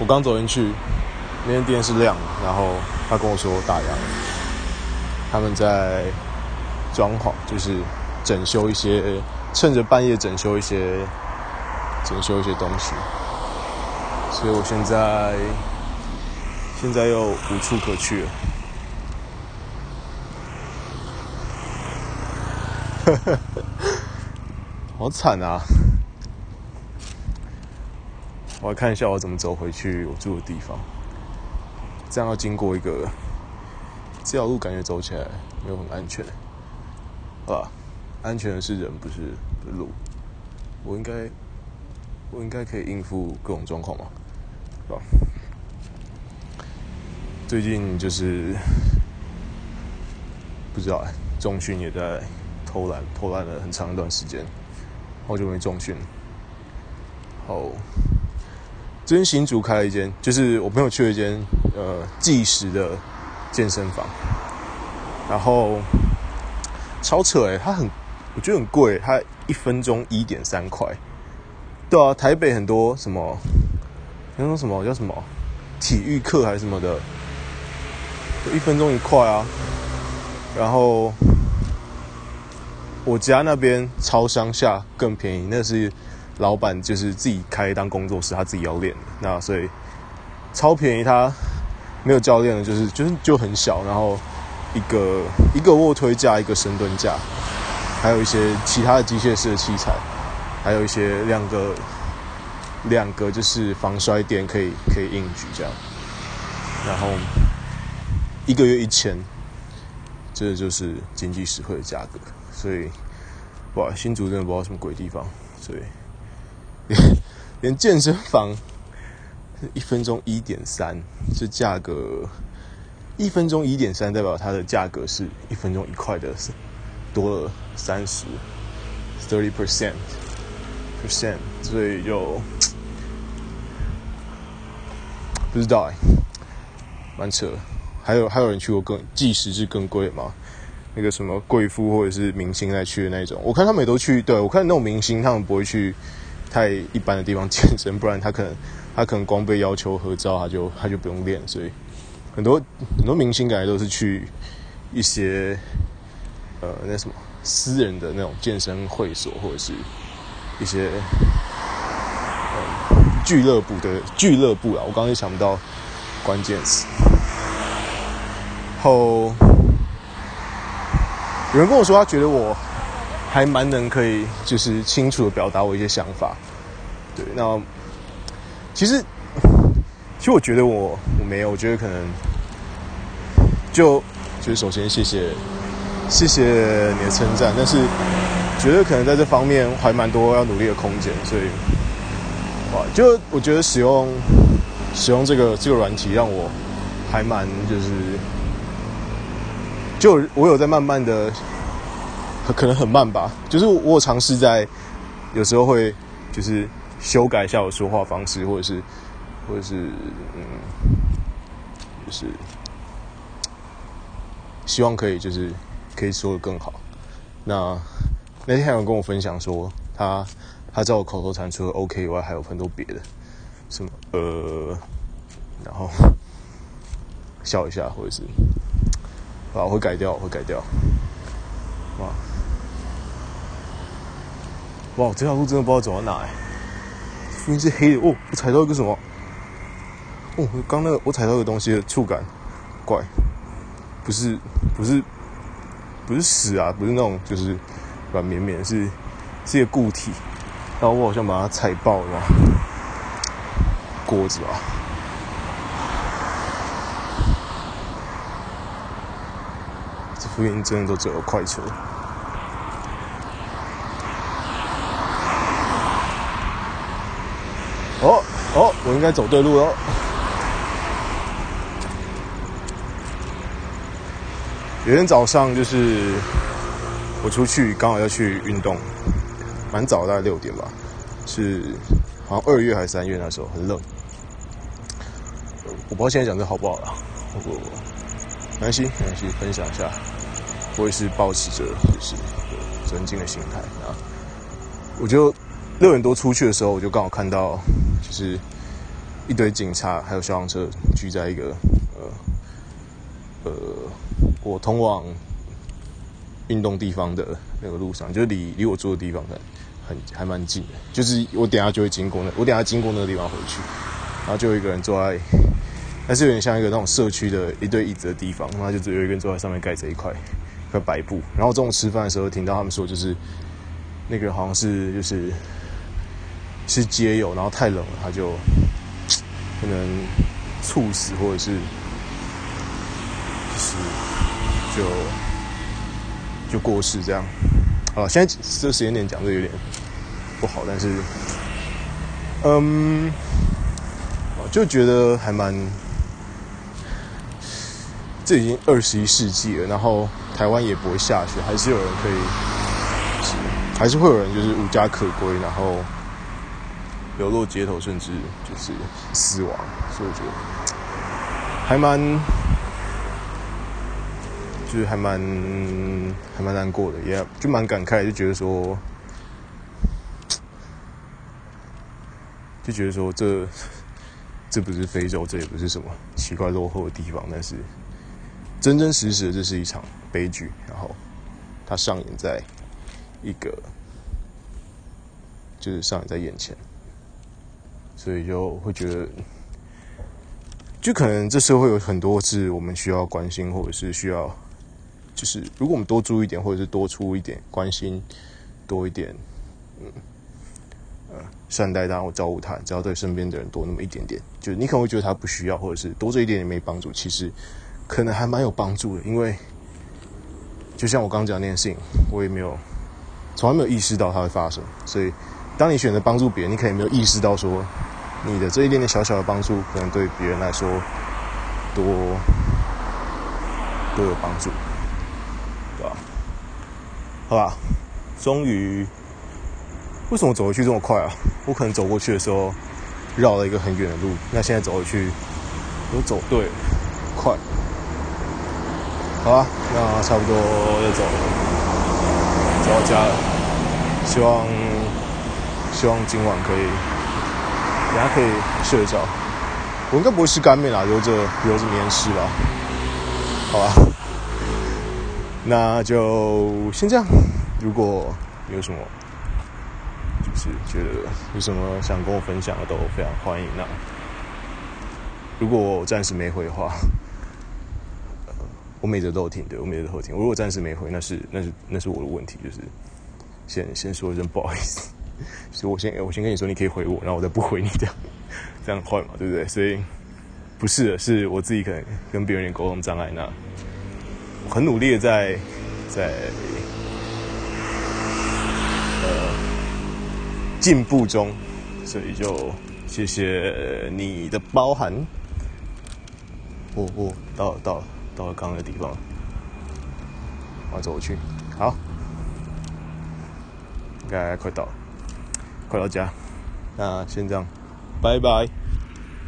我剛走進去，那個電視亮了，然後他跟我說，我打烊了，他們在裝潢，就是整修一些，趁着半夜整修一些，整修一些東西，所以我現在現在又無處可去了，呵 呵好慘啊！我來看一下我怎麼走回去我住的地方，這樣要經過一個這條路感覺走起來沒有很安全，好吧？安全的是人不是路？我應該我應該可以應付各種狀況吧？最近就是不知道、欸，重訓也在偷懶，偷懶了很長一段時間，好久沒重訓，好。遵行新開了一間，就是我朋友去了一間，呃，計時的健身房，然後超扯哎，欸，它很，我覺得很貴，欸，它一分鐘一點三塊，對啊，台北很多什麼，那種什麼叫什麼體育課還是什麼的，一分鐘一塊啊，然後我家那邊超鄉下更便宜，那是。老板就是自己開當工作室，他自己要練的。那所以超便宜，他沒有教練的、就是，就是就就很小，然後一個一個臥推架，一個深蹲架，還有一些其他的機械式的器材，還有一些兩個兩個就是防摔墊，可以可以硬舉這樣。然後一個月一千，這個、就是經濟實惠的價格。所以哇，新竹真的不知道什麼鬼地方，所以。連健身房一分鐘一點三，這價格一分鐘一點三代表它的價格是一分鐘一塊的多了三十，thirty percent percent，所以就不知道哎、欸，蠻扯。還有還有人去過更計時是更貴的嗎？那個什麼貴婦或者是明星在去的那種，我看他們也都去。對我看那種明星他們不會去。太一般的地方健身，不然他可能他可能光被要求合照，他就他就不用練。所以很多很多明星感覺都是去一些呃那什麼私人的那種健身會所，或者是一些、呃、俱樂部的俱樂部啊。我剛剛也想不到關鍵詞。後有人跟我說，他覺得我。還蠻能可以，就是清楚地表達我一些想法。對，那其實，其實我覺得我我沒有，我覺得可能就就是首先謝謝謝謝你的稱讚，但是覺得可能在這方面還蠻多要努力的空間。所以哇，就我覺得使用使用這個這個軟體，讓我還蠻就是就我有在慢慢的。可能很慢吧，就是我嘗試在有時候會就是修改一下我說話方式，或者是或者是嗯，就是希望可以就是可以說得更好。那那天還有人跟我分享說，他他知道我口頭禪除了 OK 以外還有很多別的，什麼呃，然後笑一下，或者是啊，我會改掉，我會改掉，啊。哇，這條路真的不知道走到哪，哎、欸！這邊是黑的哦，我踩到一個什麼？哦，剛那個我踩到一個東西的觸，觸感怪，不是不是不是屎啊，不是那種就是軟綿綿，是是一個固體，然後我好像把它踩爆了，果子啊！這附近真的都只有快車。我應該走對路哦。有天早上，就是我出去，剛好要去運動，蠻早，大概六點吧。是好像二月還是三月那時候，很冷。我不知道現在講這好不好了。不過，沒關係，沒關係，分享一下。我也是保持着就是尊敬的心態。那我就六點多出去的時候，我就剛好看到，就是。一堆警察還有消防車聚在一個呃呃我通往運動地方的那個路上，就是離離我住的地方還很很還蠻近的。就是我等一下就會經過那，我等一下經過那個地方回去，然後就有一個人坐在，還是有點像一個那種社區的一堆椅子的地方，然後就只有一個人坐在上面蓋着一塊一塊白布。然後中午吃飯的時候聽到他們說，就是那個，就是那個好像是就是是街友，然後太冷了，他就。可能猝死，或者是就是就就過世這樣。啊，現在這時間點講這有點不好，但是嗯，就覺得還蠻，這已經二十一世紀了，然後台灣也不會下雪，還是有人可以，是還是會有人就是無家可歸，然後。流落街頭，甚至就是死亡，所以我覺得還蠻，就是還蠻還蠻難過的，也就蠻感慨，就覺得說，就覺得說這這不是非洲，這也不是什麼奇怪落後的地方，但是真真實實，這是一場悲劇，然後它上演在一個，就是上演在眼前。所以就會覺得，就可能這社會有很多事，我們需要關心，或者是需要，就是如果我們多注意點，或者是多出一點關心，多一點，嗯呃善待，然我照顧他，只要對身邊的人多那麼一點點，就你可能會覺得他不需要，或者是多這一點也沒幫助，其實可能還蠻有幫助的，因為就像我剛剛講那件事情，我也沒有從來沒有意識到它會發生，所以當你選擇幫助別人，你可能沒有意識到說。你的這一點點小小的幫助，可能對別人來說，多，都有幫助，對吧？啊？好吧，終於，為什麼走回去這麼快啊？我可能走過去的時候繞了一個很遠的路，那現在走回去，我都走對了，快，好吧，那差不多要走了，走到家了，希望，希望今晚可以。大家可以睡得着，我應該不會吃乾麵啦，留着留着，明天吃吧，好吧。那就先這樣。如果有什麼，就是覺得有什麼想跟我分享的，都非常歡迎。那如果我暫時沒回的話，呃，我每節都聽，對，我每節都聽。我如果暫時沒回，那是那是那是我的問題，就是先先說一聲不好意思。所以，我先，我先跟你說，你可以回我，然後我再不回你，這樣，這樣快嘛，對不對？所以，不是的，是我自己可能跟別人溝通障礙，那我很努力的在，在呃進步中，所以就謝謝你的包涵。我我到到到了剛剛的地方，我要走過去，好，應該快到了。快到家，那先這樣，拜拜。